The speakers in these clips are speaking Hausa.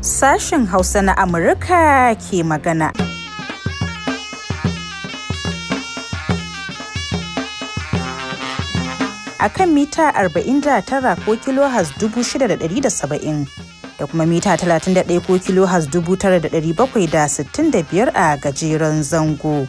Sashen Hausa na Amurka ke magana. A kan mita 49 ko kilo has da kuma mita 31 ko kilo has 9,765 a gajeren zango.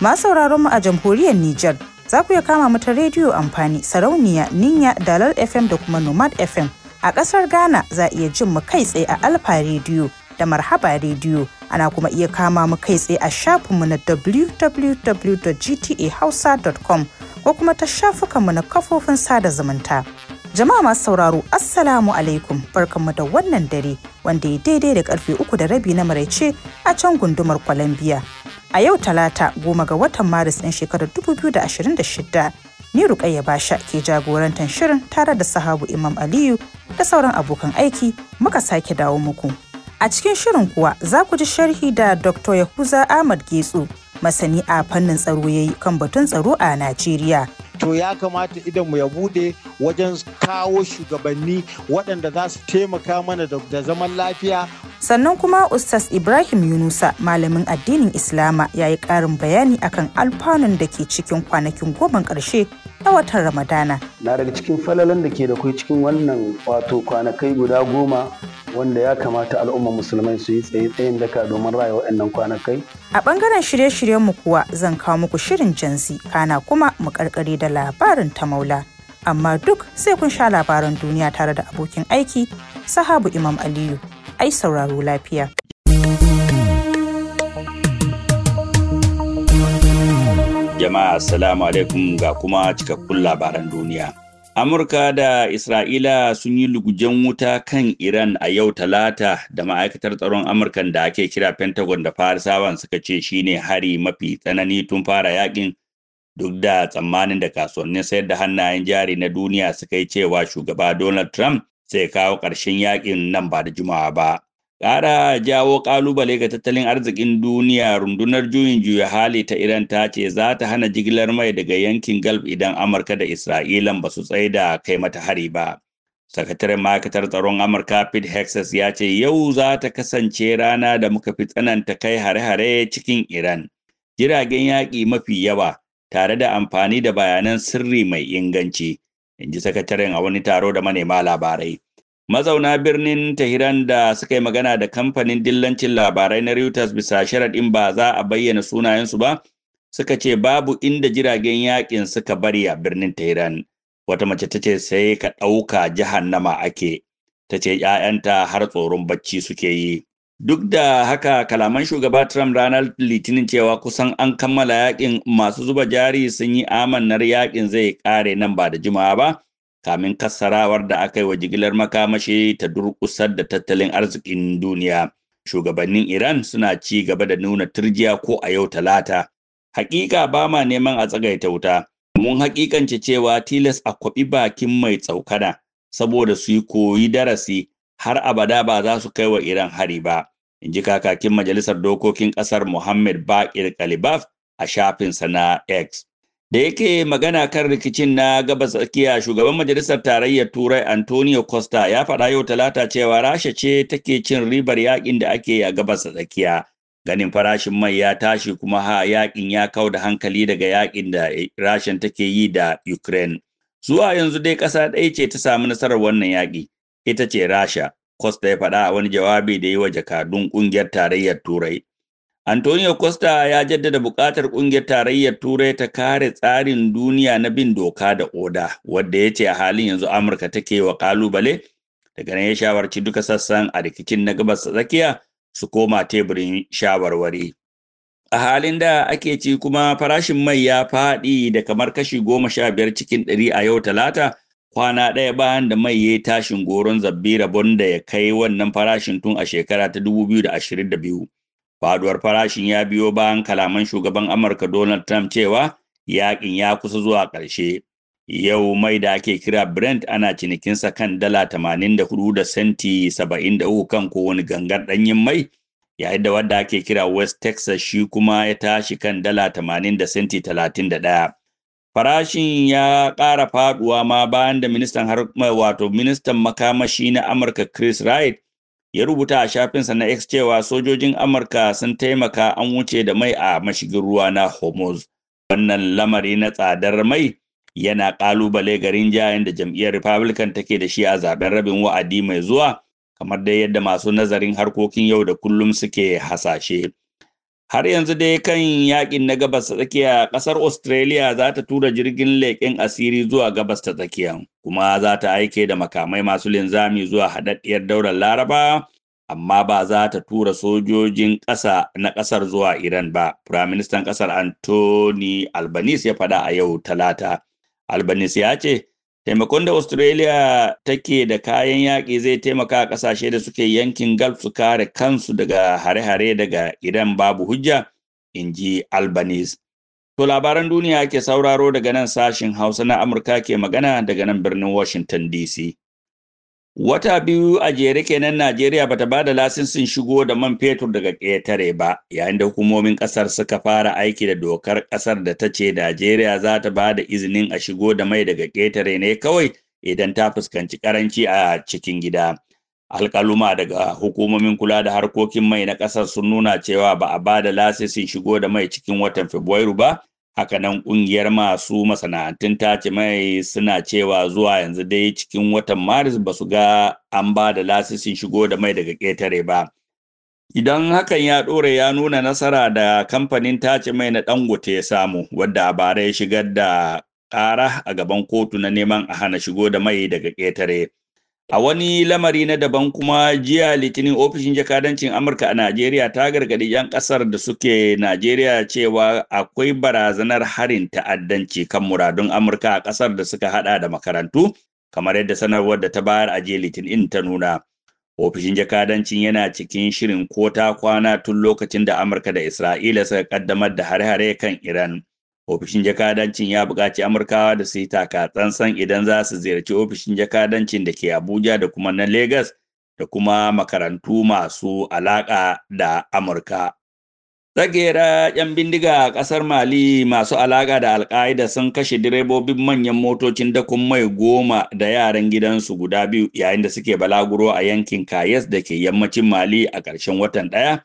Masu sauraron mu a jamhuriyar Nijar. Za ku iya kama mata rediyo amfani sarauniya ninya dalal FM da kuma nomad FM. A ƙasar Ghana za a iya jin mu kai tsaye a Alfa rediyo da Marhaba rediyo. Ana kuma iya kama mu kai tsaye a shafinmu na www.gtahausa.com ko kuma ta shafukanmu na kafofin sada zumunta. Jama'a masu sauraro Assalamu alaikum barkanmu da wannan dare wanda ya daidai da karfe uku da rabi na maraice a can gundumar Colombia. A yau talata goma ga watan Maris ɗin shekarar da 2026 ni Rukayya Basha ke jagorantar shirin tare da sahabu Imam Aliyu da sauran abokan aiki muka sake dawo muku. A cikin shirin kuwa za ku ji sharhi da Dr. Yahuza Ahmad Getsu masani a fannin tsaro yayi kan batun tsaro a Najeriya. to ya kamata mu ya bude wajen kawo shugabanni waɗanda za su taimaka mana da zaman lafiya. Sannan kuma Ustaz Ibrahim Yunusa malamin addinin Islama ya yi ƙarin bayani akan alfanun da ke cikin kwanakin goma ƙarshe na watan Ramadana. Na daga cikin falalan da ke da kai cikin wannan wato kwanakai guda goma wanda ya kamata al'ummar musulmai su yi tsaye tsayin daka domin raya waɗannan kwanakai. A ɓangaren shirye-shiryen mu kuwa zan kawo muku shirin jansi kana kuma mu karkare da labarin ta maula. Amma duk sai kun sha labaran duniya tare da abokin aiki Sahabu Imam Aliyu. Ai sauraro lafiya. jama'a assalamu alaikum ga kuma cikakkun labaran duniya. Amurka da Isra'ila sun yi lugujen wuta kan Iran a yau talata da ma'aikatar tsaron amurka da ake kira Pentagon da Farisawan suka ce shine hari mafi tsanani tun fara yakin duk da tsammanin da kasuwannin sayar da hannayen jari na duniya suka yi cewa shugaba Donald Trump sai kawo ƙarshen yakin nan ba da juma'a ba. Ƙara jawo ƙalubale ga tattalin arzikin duniya rundunar juyin juya hali ta Iran ta ce za ta hana jigilar mai daga yankin Gulf idan Amurka da Isra'ila ba su tsaye da kai mata hari ba. Sakataren ma'aikatar tsaron Amurka Pete Hexas ya ce yau za ta kasance rana da muka fi tsananta kai hare-hare cikin Iran. Jiragen yaƙi mafi yawa tare da amfani da bayanan sirri mai inganci, in ji sakataren a wani taro da manema labarai. Mazauna birnin Tahiran da suka yi magana da kamfanin dillancin labarai na Reuters bisa sharaɗin ba za a bayyana sunayensu ba, suka ce babu inda jiragen yakin suka bari a birnin Tahiran, Wata mace ta ce sai ka ɗauka jahannama ake, ta ce ‘ya'yanta har tsoron bacci suke yi. Duk da haka kalaman shugaba Trump ranar Litinin cewa kusan an kammala yakin masu zuba jari sun yi amannar yakin zai kare nan ba da jimawa ba. kamin kassarawar da aka yi wa jigilar makamashi ta durƙusar da tattalin arzikin duniya. Shugabannin Iran suna ci gaba da nuna turjiya ko a yau talata. Hakika ba ma neman a tsagaita wuta. Mun hakikance cewa tilas a kwaɓi bakin mai tsaukana saboda su yi koyi darasi har abada ba za su kai wa Iran hari ba. In ji kakakin Majalisar Dokokin Ƙasar Muhammad Baƙir Kalibaf a shafinsa na X. da yake magana kan rikicin na gabas tsakiya shugaban majalisar tarayyar turai antonio costa ya faɗa yau talata cewa rasha ce take cin ribar yakin da ake a gabas tsakiya ganin farashin mai ya tashi kuma ha yakin ya kau da hankali daga yakin da rashin take yi da ukraine zuwa yanzu dai ƙasa ɗaya ce ta samu nasarar wannan yaƙi ita ce rasha costa ya faɗa a wani jawabi da yi wa jakadun ƙungiyar tarayyar turai Antonio Costa ya jaddada buƙatar ƙungiyar tarayyar Turai ta kare tsarin duniya na bin doka da oda, wadda ya ce a halin yanzu Amurka take wa kalubale, daga nan ya shawarci duka sassan a rikicin na gabas tsakiya su koma teburin shawarwari. A halin da ake ci kuma farashin mai ya faɗi da kamar kashi goma sha biyar cikin ɗari a yau talata, kwana ɗaya bayan da mai ya yi tashin goron zabbi rabon da ya kai wannan farashin tun a shekara ta biyu Faduwar farashin ya biyo bayan kalaman shugaban Amurka Donald Trump cewa yakin ya kusa zuwa ƙarshe. Yau mai da ake kira Brent ana cinikinsa kan dala 84 da senti 73 kan kowane gangar ɗanyen mai, yayin da wadda ake kira West Texas shi kuma ya tashi kan dala 80 da senti 31. Farashin ya ƙara faduwa ma bayan da ministan wato ministan makamashi na Amurka Chris Wright ya rubuta a shafinsa na X cewa sojojin Amurka sun taimaka an wuce da mai a mashigin ruwa na Hormuz. Wannan lamari na tsadar mai yana ƙalubale garin jayen da jam'iyyar Republican take da shi a zaben rabin wa'adi mai zuwa, kamar dai yadda masu nazarin harkokin yau da kullum suke hasashe. Har yanzu dai kan yakin na gabas ta tsakiya kasar Australia za ta tura jirgin leƙen asiri zuwa gabas ta tsakiya kuma za ta aike da makamai masu linzami zuwa haɗaɗɗiyar daular Laraba amma ba za ta tura sojojin ƙasa na ƙasar zuwa Iran ba. Firaministan ƙasar Anthony Albanese ya faɗa a yau talata. Albanese ya ce Taimakon da Australia take da kayan yaƙi zai taimaka a ƙasashe da suke yankin Gulf su kare kansu daga hare-hare daga Iran babu hujja, in ji Albanese. To labaran duniya ke sauraro daga nan sashin Hausa na Amurka ke magana daga nan birnin Washington DC. Wata biyu a jere kenan Najeriya bata ba da lasisin shigo da man fetur daga ƙetare ba, yayin da hukumomin ƙasar suka fara aiki da dokar ƙasar da ta ce Najeriya za ta ba da izinin a shigo da mai daga ƙetare ne kawai idan ta fuskanci ƙaranci a cikin gida. Alƙaluma daga hukumomin kula da harkokin mai na ƙasar sun nuna cewa ba a ba da lasisin shigo da mai cikin watan Fabrairu ba, hakanan ƙungiyar masu masana'antun tace mai suna cewa zuwa yanzu dai cikin watan maris ba su ga an ba da lasisin shigo da mai daga ƙetare ba idan hakan ya ɗore ya nuna nasara da kamfanin tace mai na ɗangote ya samu wadda a bara ya shigar da ƙara a gaban kotu na neman a hana shigo da mai daga ƙetare A wani lamari na daban kuma jiya litinin ofishin jakadancin Amurka a Najeriya ta gargaɗi 'yan ƙasar da suke Najeriya cewa akwai barazanar harin ta'addanci kan muradun Amurka a ƙasar da suka hada da makarantu, kamar yadda sanarwar da ta bayar a jiya litinin ta nuna. Ofishin jakadancin yana cikin shirin ko ta kwana tun lokacin da Amurka da Isra'ila suka kaddamar da hare-hare kan Iran. ofishin jakadancin ya buƙaci amurkawa da su yi taka tsantsan idan za su ziyarci ofishin jakadancin da ke abuja da kuma na Legas da kuma makarantu masu alaƙa da amurka tsagera 'yan bindiga a ƙasar mali masu alaƙa da alƙa'ida sun kashe direbobin manyan motocin dakon mai goma da yaran gidansu guda biyu yayin da suke balaguro a yankin kayes da ke yammacin mali a ƙarshen watan ɗaya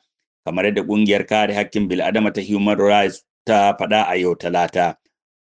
kamar yadda ƙungiyar kare haƙƙin bil'adama ta human rights ta faɗa a yau talata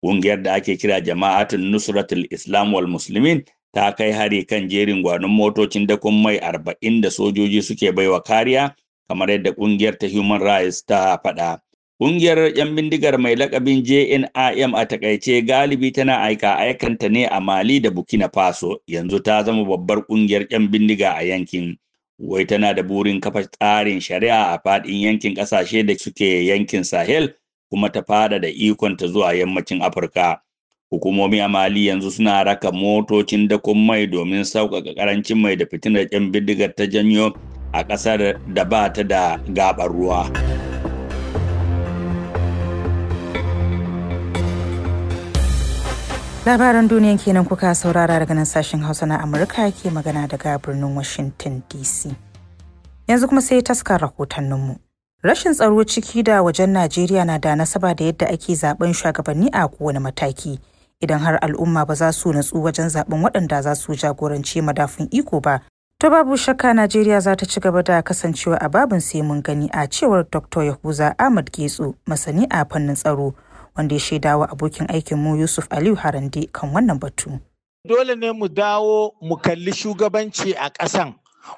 ƙungiyar da ake kira jama'atin nusratul islam wal muslimin ta kai hari kan jerin gwanon motocin dakon mai arba'in da sojoji suke baiwa kariya kamar yadda ƙungiyar ta human rights ta faɗa Ƙungiyar 'yan bindigar mai lakabin JNIM a takaice galibi tana aika aikanta ne a Mali da Burkina Faso yanzu ta zama babbar ƙungiyar 'yan bindiga a yankin. Wai tana da burin kafa tsarin shari'a a faɗin yankin ƙasashe da suke yankin Sahel kuma ta fada da ikonta zuwa yammacin Afirka. Hukumomi a Mali yanzu suna raka motocin dakon mai domin sauƙaƙa ƙarancin mai da fitinar ƙin bindigar ta janyo a ƙasar da ba ta da gaɓar ruwa. Labaran duniya kenan kuka saurara daga nan sashen Hausa na Amurka ke magana daga birnin Washington DC. Yanzu kuma sai taskar rahotanninmu. mu. Rashin tsaro ciki da wajen Najeriya na da nasaba da yadda ake zaben shugabanni a kowane mataki. Idan har al'umma ba za su natsu wajen zaben waɗanda za su jagoranci madafin iko ba, to babu shakka Najeriya za ta ci gaba da kasancewa a babin sai mun gani a cewar Dr. Yahuza Ahmad getso masani a fannin tsaro, wanda ya shaidawa abokin aikin mu Yusuf Aliyu Harande kan wannan batu. Dole ne mu dawo mu kalli shugabanci a ƙasan.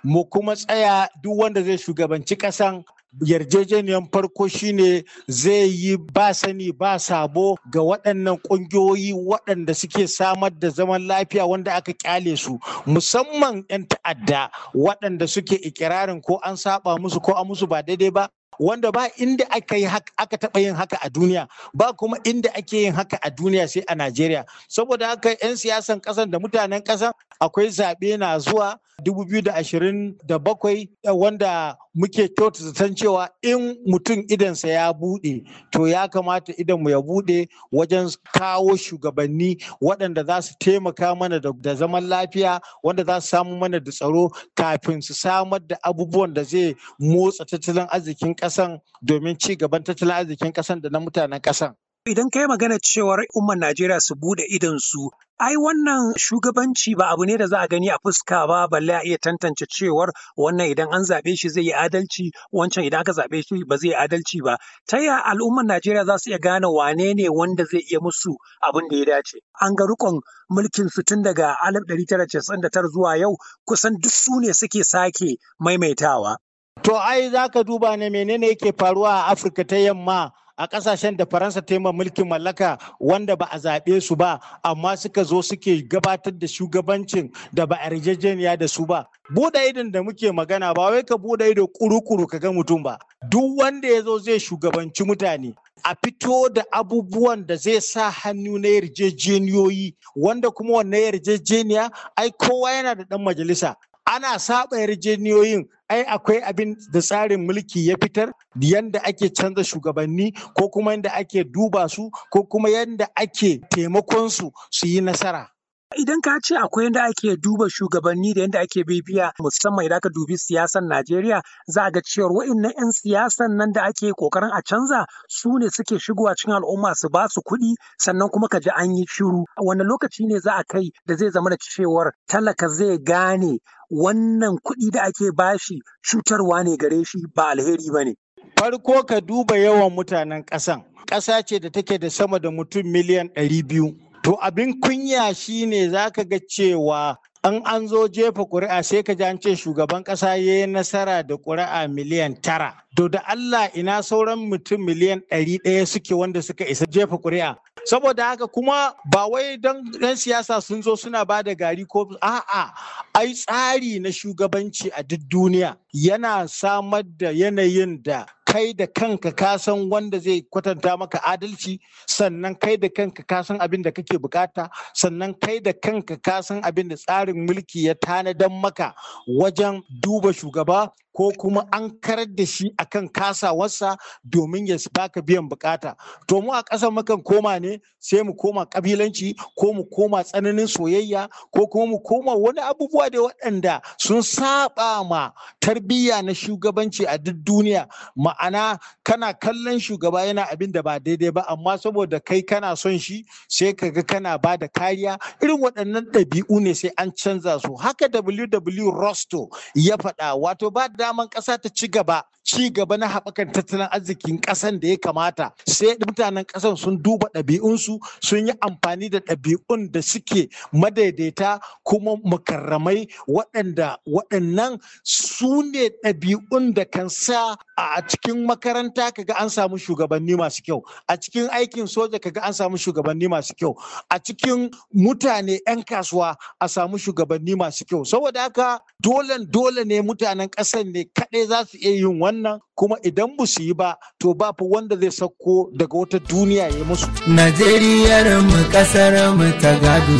mu kuma tsaya duk wanda zai shugabanci ƙasan yarjejeniyar farko shine zai yi ba sani ba sabo ga waɗannan ƙungiyoyi waɗanda suke samar da zaman lafiya wanda aka ƙyale su musamman 'yan ta'adda waɗanda suke ikirarin ko an saba musu ko an musu ba daidai ba wanda ba inda aka yi haka aka taɓa yin haka a duniya ba kuma inda ake yin haka a duniya sai a Najeriya saboda haka 'yan siyasan ƙasan da mutanen ƙasan akwai zaɓe na zuwa 2027 eh, wanda muke kyauta zaton cewa in mutum idansa ya buɗe to ya kamata mu ya buɗe wajen kawo shugabanni waɗanda za su taimaka mana da zaman lafiya wanda za su samu mana da tsaro kafin su samar da abubuwan da zai motsa tattalin arzikin ƙasan domin ci gaban tattalin arzikin ƙasan da na mutanen ƙasan. Idan ka kai magana cewar umman Najeriya su bude su, ai wannan shugabanci ba abu ne da za a gani a fuska ba balle a iya tantance cewar wannan idan an zaɓe shi zai yi adalci wancan idan aka zaɓe shi ba zai yi adalci ba. Ta yaya al'ummar Najeriya za su iya gane wane ne wanda zai iya musu abin da ya dace? An ga rikon mulkin su tun daga 1999 zuwa yau kusan duk su ne suke sake maimaitawa. To ai za ka duba ne menene yake faruwa a Afirka ta yamma a ƙasashen da faransa ta yi mulkin mallaka wanda ba a zaɓe su ba amma suka zo suke gabatar da shugabancin da ba a rijejeniya da su ba buɗe idon da muke magana ba wai ka buɗe ido kuru-kuru ka ga mutum ba duk wanda ya zo zai shugabanci mutane a fito da abubuwan da zai sa hannu na yarjejeniyoyi wanda kuma wannan yarjejeniya ai kowa yana da ɗan majalisa ana saba yarjejeniyoyin ai akwai abin da tsarin mulki ya fitar yanda ake canza shugabanni ko kuma yanda ake duba su ko kuma yanda ake taimakon su su yi nasara Idan ka ce akwai yadda ake duba shugabanni da yadda ake bibiya musamman idan aka dubi siyasar Najeriya za a ga cewar wa'innan 'yan siyasan nan da ake kokarin a canza su ne suke shigowa cikin al'umma su ba su kuɗi sannan kuma ka ji an yi shiru. wani lokaci ne za a kai da zai zama da cewar talaka zai gane wannan kuɗi da ake bashi cutarwa ne gare shi ba alheri ba ne. Farko ka duba yawan mutanen ƙasan. Ƙasa ce da take da sama da mutum miliyan ɗari biyu. To abin kunya shi ne za ka ga cewa an an zo jefa ƙuri'a sai ka ji an ce shugaban ƙasa ya yi nasara da ƙuri'a miliyan tara. To da Allah ina sauran mutum miliyan ɗari ɗaya suke wanda suka isa jefa ƙuri'a. Saboda haka kuma ba wai don 'yan siyasa sun zo suna ba da gari ko a'a ai tsari na shugabanci a duk duniya yana samar da yanayin da kai da kanka ka san wanda zai kwatanta maka adalci sannan kai da kanka ka san abin da kake bukata sannan kai da kanka ka san abin da tsarin mulki ya tanadan maka wajen duba shugaba ko kuma an karar da shi akan kasawarsa domin ya baka biyan bukata to mu a ƙasar mukan koma ne sai mu koma ƙabilanci, ko mu koma tsananin soyayya ko kuma mu koma wani abubuwa da waɗanda sun saba ma tarbiyya na shugabanci a duk duniya ma'ana kana kallon shugaba yana abin da ba daidai ba amma saboda kai kana son shi sai kaga kana ba da kariya irin waɗannan ɗabi'u ne sai an canza su haka WW Rosto ya faɗa wato ba daman ƙasa ta ci gaba ci gaba na haɓakar tattalin arzikin ƙasan da ya kamata sai mutanen ƙasan sun duba ɗabi'unsu sun yi amfani da ɗabi'un da suke madaidaita kuma makarramai waɗanda waɗannan su ne ɗabi'un da kan sa a cikin makaranta mata ga an samu shugabanni masu kyau a cikin aikin soja ka ga an samu shugabanni masu kyau a cikin mutane 'yan kasuwa a samu shugabanni masu kyau saboda haka dole dole ne mutanen ƙasar ne kaɗai za su iya yin wannan kuma idan ba su yi ba to ba fa wanda zai sauko daga wata duniya ya musu Najeriya mu kasar mu ta gado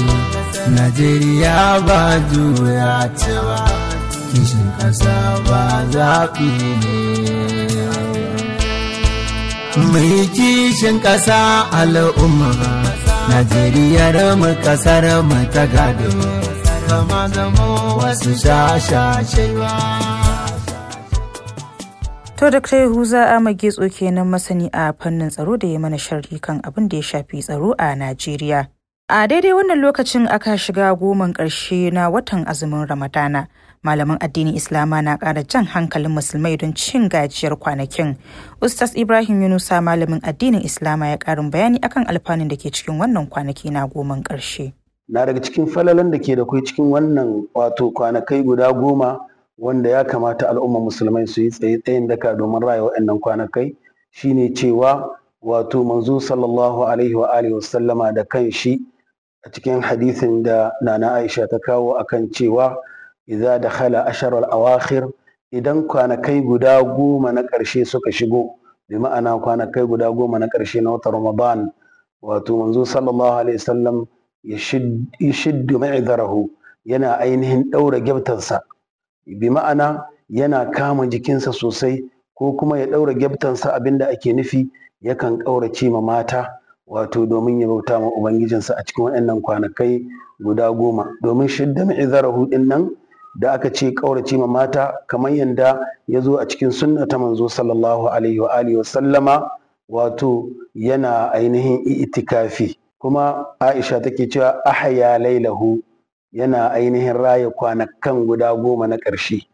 Najeriya ba juya cewa kishin ƙasa ba zafi ne mai kishin ƙasa al'umma najeriya mu ƙasar mu ta gado kama zama wasu To da kai huza mage tsoke nan masani a fannin tsaro da ya mana sharhi kan abin da ya shafi tsaro a Najeriya. A daidai wannan lokacin aka shiga goman ƙarshe na watan azumin Ramadana. malaman addinin islama na kara jan hankalin musulmai don cin gajiyar kwanakin ustas ibrahim yunusa malamin addinin islama ya karin bayani akan alfanun da ke cikin wannan kwanaki na goman karshe. na daga cikin falalan da ke da kai cikin wannan wato kwanakai guda goma wanda ya kamata al'ummar musulmai su yi tsaye tsayin daka domin raya waɗannan kwanakai shine cewa wato manzo sallallahu alaihi wa alihi wasallama da kan shi a cikin hadisin da nana aisha ta kawo akan cewa idza dakhala ashar al-awakhir idan kwanakai guda goma na ƙarshe suka shigo bi ma'ana kwanakai guda goma na ƙarshe na watan Ramadan wato manzo sallallahu alaihi wasallam ya shiddu ma'idarahu yana ainihin ɗaura gyabtansa bi ma'ana yana kama jikinsa sosai ko kuma ya ɗaura gyabtansa abinda ake nufi yakan kaurace ma mata wato domin ya bauta ma ubangijinsa a cikin waɗannan kwanakai guda goma domin shidda ma'idarahu ɗin nan da aka ce ƙaurace ma mata kamar yadda ya zo a cikin sunna ta manzo sallallahu alaihi wa wa sallama wato yana ainihin itikafi kuma Aisha take cewa ahya lailahu yana ainihin raya kwanakan guda goma na ƙarshe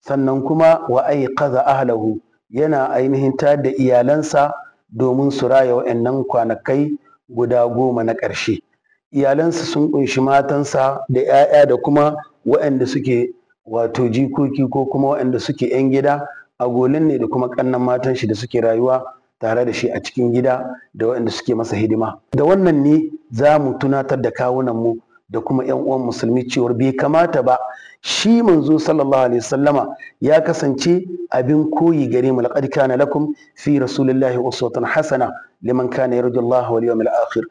sannan kuma wa kaza ahlahu yana ainihin tada iyalansa domin su raya wa'annan kwanakai guda goma na ƙarshe iyalansa sun kunshi matansa da 'ya'ya da kuma waɗanda suke wato jikoki ko kuma waɗanda suke 'yan gida a agolin ne da kuma ƙannan matan shi da suke rayuwa tare da shi a cikin gida da waɗanda suke masa hidima da wannan ne za mu tunatar da kawunan mu da kuma 'yan uwan musulmi cewar bai kamata ba shi manzo sallallahu alaihi wasallama ya kasance abin koyi gare mu laqad kana lakum fi rasulillahi uswatun hasana liman kana Allah wal yawmil akhir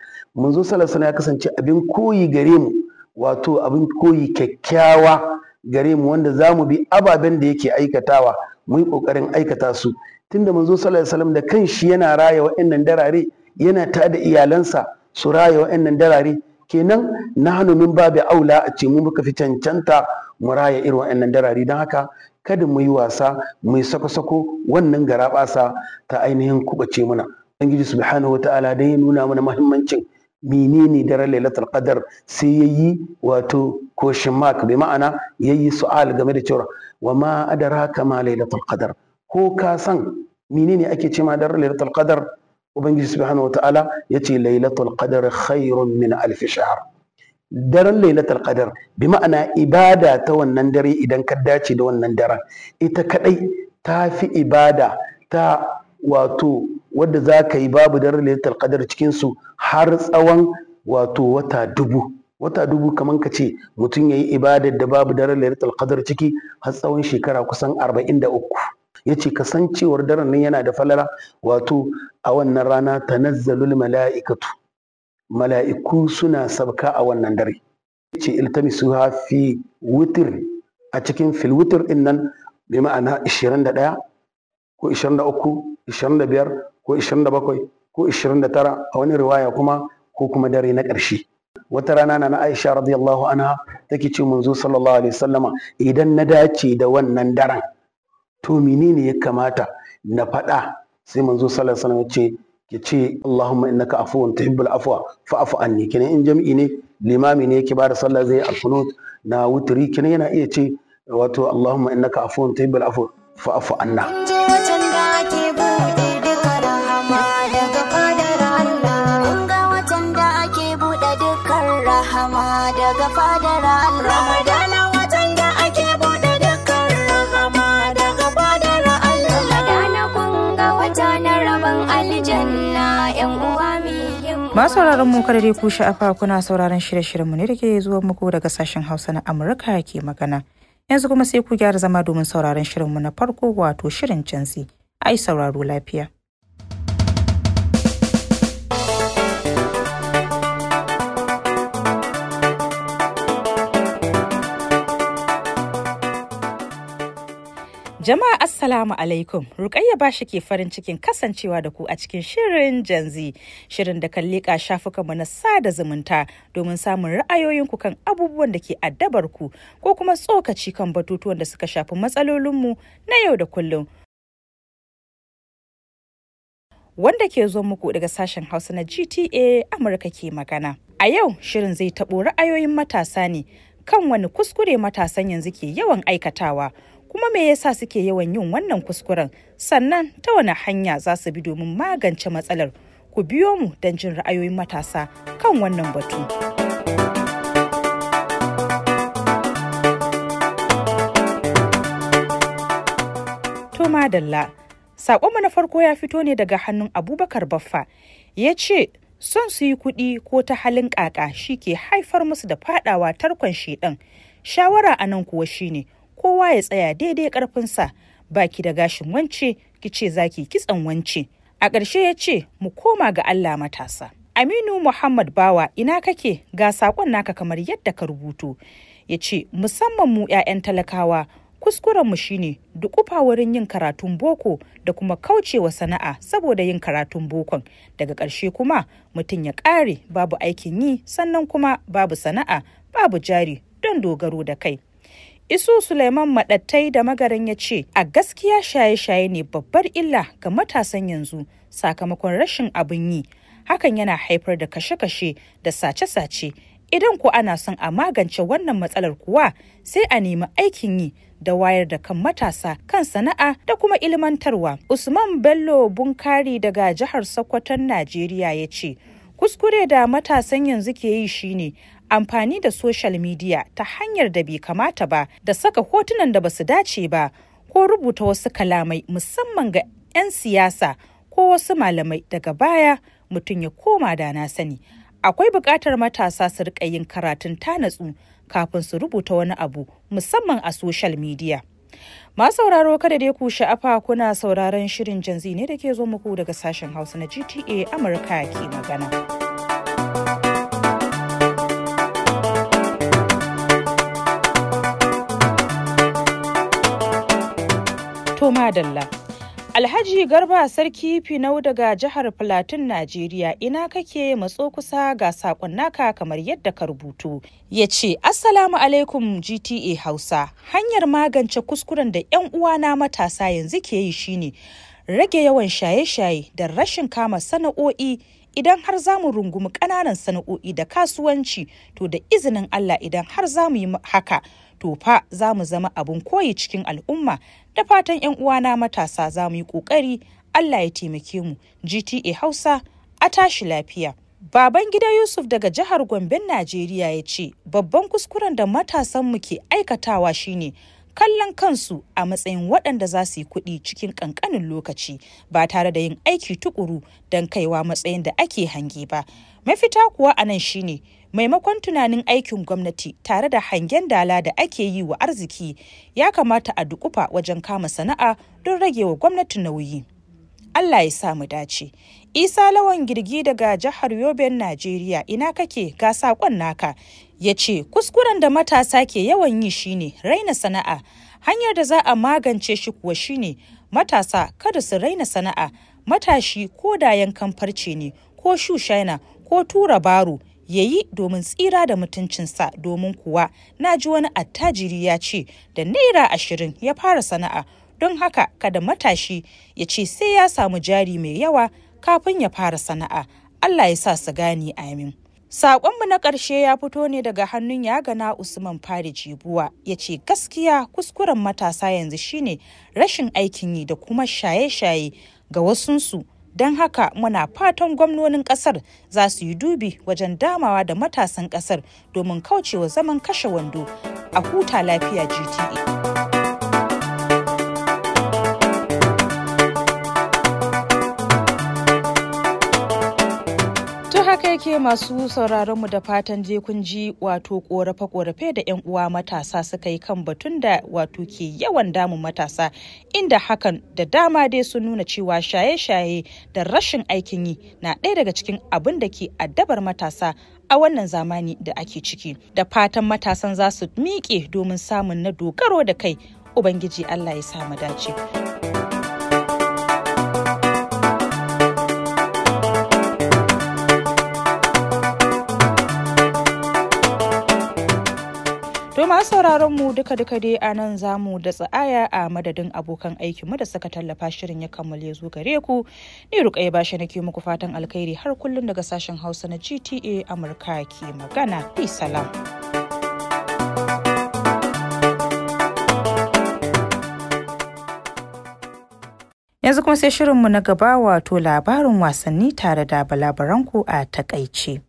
zo sallar sana ya kasance abin koyi gare mu wato abin koyi kyakkyawa gare mu wanda zamu bi ababen da yake aikatawa mu yi kokarin aikata su tunda mun zo sallar wasallam da shi yana raya wa'annan darare yana ta da iyalansa su raya wa'annan darare kenan nahnu min babi aula a ce mu muka fi cancanta mu raya irin wa'annan darare don haka kada mu yi wasa mu yi sako-sako wannan garaɓasa ta ainihin kubace mana ubangiji subhanahu ta'ala dan ya nuna mana mahimmancin menene daren lailatul qadar sai yayi wato question mark bi ma'ana yayi su'al game da cewa wa ma adraka ma lailatul qadar ko ka san menene ake ce ma daren lailatul qadar ubangiji subhanahu wataala yace lailatul qadar khairun min alf shahr daren lailatul qadar bi ma'ana ibada ta wannan dare idan ka dace da wannan daren ita kadai ta fi ibada ta wato wadda za ka yi babu daren lailatul qadar cikin su har tsawon wato wata dubu wata dubu kamar ka ce mutum ya yi ibadar da babu daren lailatul qadar ciki har tsawon shekara kusan arba'in da uku ya ce kasancewar daren nan yana da falala wato a wannan rana tanazzalul mala'ikatu mala'iku suna sabka a wannan dare ya ce iltamisuha fi witr a cikin fil wutur din nan bi ma'ana 21 ko 23 25 ko 27 ko 29 a wani riwaya kuma ko kuma dare na ƙarshe wata rana na Aisha radiyallahu anha take ce manzo sallallahu alaihi wasallama idan na dace da wannan daren to menene ya kamata na faɗa sai manzo sallallahu alaihi wasallam ce ki ce Allahumma innaka afuwun tuhibbul afwa fa'fu anni kina in jami'i ne limami ne yake bada sallah zai alqunut na wuturi, kina yana iya ce wato Allahumma innaka afuwun tuhibbul afwa fa'fu anna rabon aljanna yan uwa Masu sauraron mu kada dai ku sha'afa kuna sauraron shirye-shiryenmu ne da ke zuwa muku daga sashen Hausa na Amurka ke magana. Yanzu kuma sai ku gyara zama domin sauraron shirinmu na farko wato shirin cansi. Ai sauraro lafiya. Jama'a Assalamu alaikum Rukayya bashi ke farin cikin kasancewa da ku a cikin shirin Janzi shirin da kan leƙa shafukanmu na sada zumunta domin samun ra'ayoyinku kan abubuwan da ke addabar ku ko kuma tsokaci kan batutuwan da suka shafi matsalolinmu na yau da kullum. Wanda ke zo muku daga sashen Hausa na GTA Amurka ke magana. A yau shirin zai taɓo ra'ayoyin matasa ne kan wani kuskure matasan yanzu ke yawan aikatawa kuma me yasa suke yawan yin wannan kuskuren sannan ta wani hanya za su bi domin magance matsalar ku biyo mu don jin ra'ayoyin matasa kan wannan batu. Toma Dalla Saƙonmu na farko ya fito ne daga hannun Abubakar Baffa ya ce son su yi kuɗi ko ta halin ƙaƙa shi ke haifar musu da faɗawa tarkon shiɗan. Shawara a nan kuwa shine kowa ya tsaya daidai karfinsa baki da gashin wance ki ce zaki kitsan wance a ƙarshe ya ce mu koma ga Allah matasa Aminu Muhammad Bawa ina kake ga saƙon naka kamar yadda ka rubutu? ya ce musamman mu 'ya'yan talakawa kuskuren mu shine dukufa wurin yin karatun boko da kuma kaucewa sana'a saboda yin karatun bokon daga ƙarshe kuma mutum ya ƙare babu aikin yi sannan kuma babu sana'a babu jari don dogaro da kai Isu Suleiman Maɗattai da Magaran ya ce, a gaskiya shaye-shaye ne babbar illa ga matasan yanzu sakamakon rashin abin yi. Hakan yana haifar da kashe-kashe da sace-sace. Idan ku ana son a magance wannan matsalar kuwa sai a nemi aikin yi da wayar da kan matasa kan sana'a da kuma ilmantarwa. Usman Bello Bunkari daga jihar Sokoton Najeriya ya ce, kuskure da matasan yanzu ke yi shine amfani da social media ta hanyar da bai kamata ba da saka hotunan da basu dace ba ko rubuta wasu kalamai musamman ga 'yan siyasa ko wasu malamai daga baya mutum ya koma da na sani akwai buƙatar matasa su rika yin karatun tanatsu kafin su rubuta wani abu musamman a social media. Ma sauraro kada dai ku sha'afa kuna sauraron shirin janzi ne da ke zo muku daga sashen Hausa na GTA Amurka ke magana. Dalla. Alhaji Garba Sarki Finau daga jihar Filatin Najeriya ina kake matso kusa ga sakon naka kamar yadda ka rubutu. Ya ce, Assalamu alaikum GTA Hausa, hanyar magance kuskuren da 'yan uwana matasa yanzu ke yi shine rage yawan shaye-shaye da rashin kama sana'o'i idan har za mu rungumi ƙananan sana'o'i da kasuwanci to da izinin Allah idan har za mu yi haka to fa za mu zama abin koyi cikin al'umma da fatan 'yan uwana matasa za mu yi ƙoƙari Allah ya taimake mu GTA Hausa a tashi lafiya. Baban gida Yusuf daga jihar Gomben Najeriya ya ce babban kuskuren da matasan mu ke aikatawa shine kallon kansu a matsayin waɗanda za su yi kuɗi cikin ƙanƙanin lokaci ba tare da yin aiki tukuru don kaiwa matsayin da ake hange ba. Mafita kuwa a nan shine maimakon tunanin aikin gwamnati tare da hangen dala da ake yi wa arziki ya kamata a dukufa wajen kama sana'a don rage wa gwamnati nauyi allah ya samu dace isa lawan girgi daga jihar yobin najeriya ina kake ga saƙon naka ya ce kuskuren da matasa ke yawan yi shine raina sana'a hanyar da za a magance shi kuwa shine matasa kada su raina sana'a matashi ko da yankan farce ne ko shushaina ko tura baro ya yi domin tsira da mutuncinsa domin kuwa na ji wani attajiri ya ce da naira ashirin ya fara sana'a don haka kada matashi ya ce sai ya samu jari mai yawa kafin ya fara sana'a Allah ya sa su gani amin. Saƙonmu na ƙarshe ya fito ne daga hannun ya gana Usman Fari Jibuwa ya ce gaskiya kuskuren matasa yanzu shine rashin aikin yi da kuma shaye-shaye ga wasunsu don haka muna fatan gwamnonin kasar za su yi dubi wajen damawa da matasan kasar domin kaucewa zaman kashe wando a huta lafiya gta haka yake masu sauraronmu da fatan je kun ji wato korafe-korafe da 'yan uwa matasa suka yi kan batun da wato ke yawan damun matasa inda hakan da dama dai sun nuna cewa shaye-shaye da rashin aikin yi na ɗaya daga cikin abin da ke addabar matasa a wannan zamani da ake ciki da fatan matasan za su miƙe domin samun na dogaro da kai ubangiji allah ya samu dace. kuma sauraron mu duka duka dai a nan za mu da tsa'aya a madadin abokan aikinmu da suka tallafa shirin ya kammala ya zo gare ku ni ya bashi nake muku fatan alkhairi har kullum daga sashen hausa na gta amurka ke magana salam. yanzu kuma sai shirinmu na gaba wato labarin wasanni tare da balabaranku a takaice.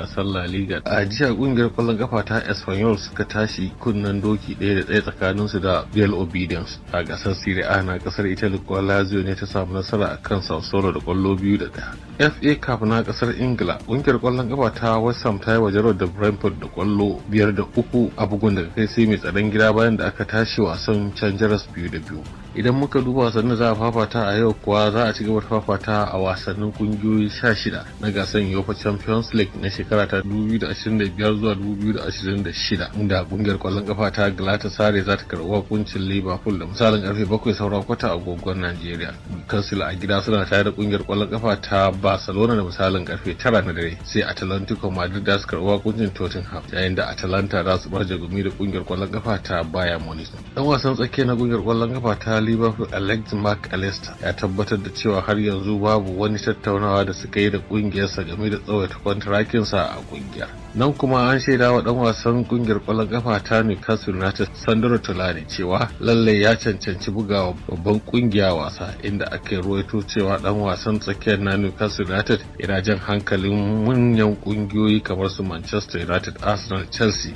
gasar La Liga. A jiya kungiyar kwallon kafa ta Espanyol suka tashi kunnen doki ɗaya da ɗaya tsakanin su da Real Obedience. A gasar Serie A na kasar Italy kuwa Lazio ne ta samu nasara a kan Sassuolo da kwallo biyu da ɗaya. FA Cup na kasar Ingila kungiyar kwallon kafa ta West Ham ta yi wa jarrod da Brentford da kwallo biyar da uku a bugun daga kai sai mai tsaron gida bayan da aka tashi wasan can biyu da biyu. idan muka duba wasannin za a fafata a yau kuwa za a ci gaba da fafata a wasannin kungiyoyi 16 na gasar UEFA Champions League na shekara ta 2025 zuwa 2026 inda kungiyar kwallon kafa ta Galatasaray za ta karbuwa hukuncin Liverpool da misalin karfe 7 saura kwata agogon Najeriya. Kansila a gida suna tare da kungiyar kwallon kafa ta Barcelona da misalin karfe 9 na dare sai Atlantico Madrid za su karbuwa hukuncin Tottenham yayin da Atalanta za su barje gumi da kungiyar kwallon kafa ta Bayern Munich. Dan wasan tsakiya na kungiyar kwallon kafa ta Ali liverpool alex mark alester ya tabbatar da cewa har yanzu babu wani tattaunawa da suka yi da kungiyarsa game da tsawaita kwantarakinsa a kungiyar nan kuma an shaida wa dan wasan kungiyar kwallon kafa ta newcastle united sandro tulani cewa lallai ya cancanci bugawa babban kungiya wasa inda ake ruwaito cewa dan wasan tsakiyar na newcastle united yana jan hankalin manyan kungiyoyi kamar su manchester united arsenal chelsea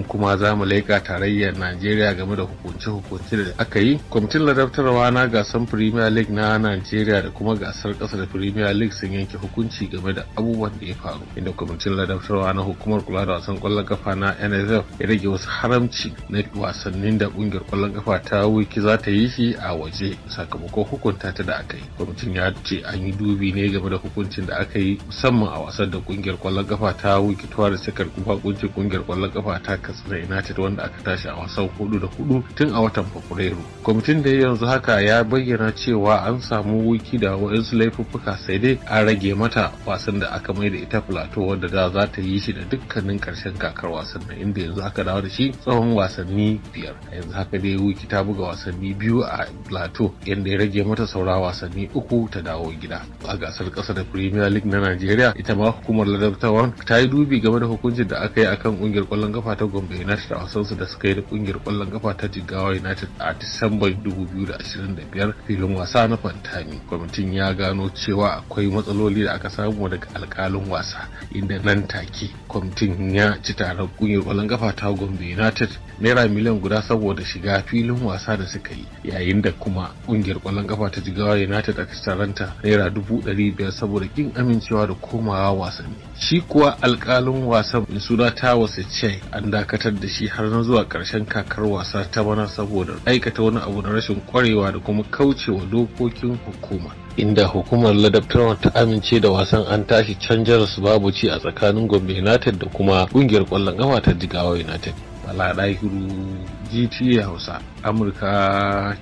in kuma za mu laika tarayyar najeriya game da hukunce hukunci da aka yi kwamitin ladabtarwa na gasar premier league na najeriya da kuma gasar ƙasa da premier league sun yanke hukunci game da abubuwan da ya faru inda kwamitin ladabtarwa na hukumar kula da wasan kwallon kafa na nsf ya rage wasu haramci na wasannin da ƙungiyar ƙwallon kafa ta wiki za ta yi shi a waje sakamakon hukunta ta da aka yi kwamitin ya ce an yi dubi ne game da hukuncin da aka yi musamman a wasan da ƙungiyar ƙwallon kafa ta wiki tuwa da sakar kuma ƙungiyar ƙwallon kafa ta katsina united wanda aka tashi a wasan hudu da hudu tun a watan fabrairu kwamitin da yanzu haka ya bayyana cewa an samu wiki da wa'insu laifuffuka sai dai an rage mata wasan da aka mai da ita plateau wadda da za ta yi shi da dukkanin karshen kakar wasan na inda yanzu aka dawo da shi tsawon wasanni biyar yanzu haka dai wiki ta buga wasanni biyu a plateau inda ya rage mata saura wasanni uku ta dawo gida a gasar kasa da premier league na najeriya ita ma hukumar ladabtawan ta yi dubi game da hukuncin da aka yi akan kungiyar kwallon kafa ta Gombe United a wasansu da suka yi da kungiyar kwallon kafa ta Jigawa United a Disambar 2025 filin wasa na Fantami. Kwamitin ya gano cewa akwai matsaloli da aka samu daga alkalin wasa inda nan take kwamitin ya ci taron kungiyar kwallon kafa ta Gombe United naira miliyan guda saboda shiga filin wasa da suka yi yayin da kuma kungiyar kwallon kafa ta jigawa united a ranta naira dubu ɗari biyar saboda kin amincewa da komawa wasanni shi kuwa alkalin wasan mai suna ta wasa ce an dakatar da shi har na zuwa karshen kakar wasa ta bana saboda aikata wani abu na rashin kwarewa da kuma kaucewa dokokin hukuma inda hukumar ladabtarwa ta amince da wasan an tashi canjar su babu ci a tsakanin gombe united da kuma kungiyar kwallon kafa ta jigawa united Ladahiru GTA Hausa Amurka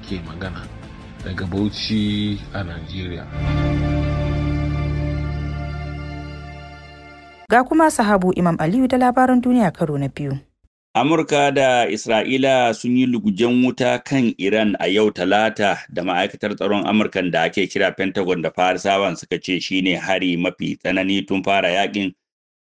ke magana daga Bauchi a Najeriya. Ga kuma sahabu Imam Aliyu da labaran duniya karo na biyu. Amurka da Isra'ila sun yi lugujen wuta kan Iran a yau talata da ma'aikatar tsaron Amurkan da ake kira Pentagon da Farisawan suka ce shine hari mafi tsanani tun fara yakin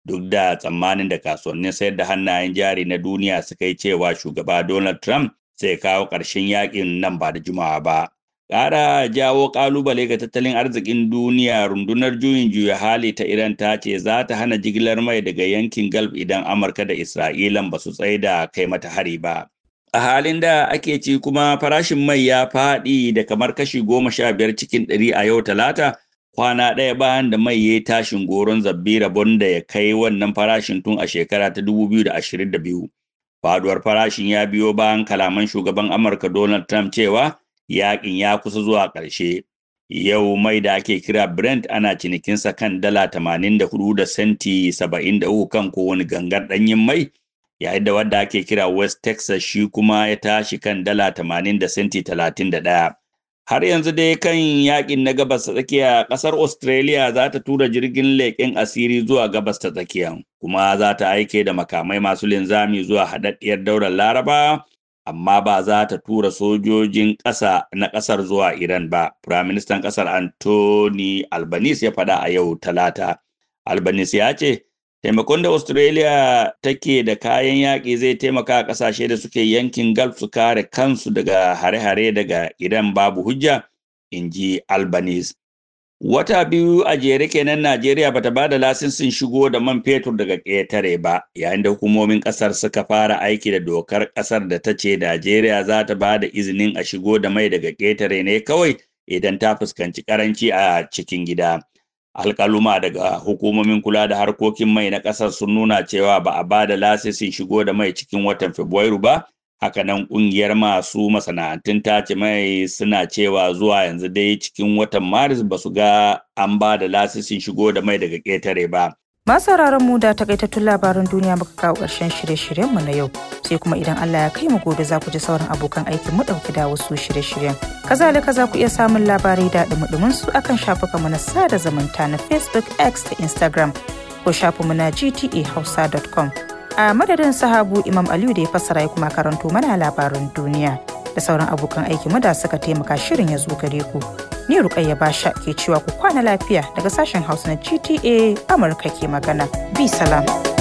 duk da tsammanin da kasuwannin sayar da hannayen jari na duniya suka yi cewa shugaba Donald Trump zai kawo ƙarshen yakin nan ba da jimawa ba. Ƙara jawo ƙalubale ga tattalin arzikin duniya rundunar juyin juya hali ta Iran ta ce za ta hana jigilar mai daga yankin Gulf idan Amurka da Isra'ilan ba su tsaye da kai mata hari ba. A halin da ake ci kuma farashin mai ya faɗi da kamar kashi goma sha biyar cikin ɗari a yau talata kwana ɗaya bayan da mai ya tashin goron zabbira rabon ya kai wannan farashin tun a shekara ta 2022 faduwar farashin ya biyo bayan kalaman shugaban amurka donald trump cewa yaƙin ya kusa zuwa ƙarshe yau mai da ake kira brent ana cinikinsa kan dala 84 da senti 73 kan kowane gangar ɗanyen mai yayin da wadda ake kira west texas shi kuma ya tashi kan dala 80 da senti 31 Har yanzu dai kan yakin na gabas ta tsakiya ƙasar Australia za ta tura jirgin leƙen asiri zuwa gabas ta tsakiya kuma za ta aike da makamai masu linzami zuwa haɗaɗɗiyar daular Laraba amma ba za ta tura sojojin ƙasa na ƙasar zuwa Iran ba. Firaministan ƙasar Anthony Albanese ya faɗa a yau talata. Albanese ya ce Taimakon da Australia take da kayan yaƙi zai taimaka a ƙasashe da suke yankin Gulf su kare kansu daga hare-hare daga Iran babu hujja, in ji Albanese. Wata biyu a jere kenan Najeriya bata ba da lasinsin shigo da man fetur daga ƙetare ba, yayin da hukumomin ƙasar suka fara aiki da dokar ƙasar da ta ce Najeriya za ta ba da izinin a shigo da mai daga ƙetare ne kawai idan ta fuskanci ƙaranci a cikin gida. alkaluma daga hukumomin kula da harkokin mai na ƙasar sun nuna cewa ba a ba da lasisin shigo da mai cikin watan fabrairu ba hakanan ƙungiyar masu masana'antun tace mai suna cewa zuwa yanzu dai cikin watan maris ba su ga an ba da lasisin shigo da mai daga ƙetare ba sauraron mu da takaitattun labarin duniya muka kawo ƙarshen shirye-shiryen mu na yau sai kuma idan Allah ya kai mu gobe za ku ji sauran abokan aikin mu dauki da wasu shirye-shiryen kazalika za ku iya samun labarai da dumudumin su akan shafukan mu na sada zumunta na Facebook X da Instagram ko shafin mu na gtahausa.com a madadin sahabu Imam Aliyu da ya fassara kuma karanto mana labarin duniya da sauran abokan aiki mu da suka taimaka shirin ya zo gare ku. Ni Rukayya Basha ke cewa ku kwana lafiya daga sashen Hausa na GTA Amurka ke magana. Bi salam.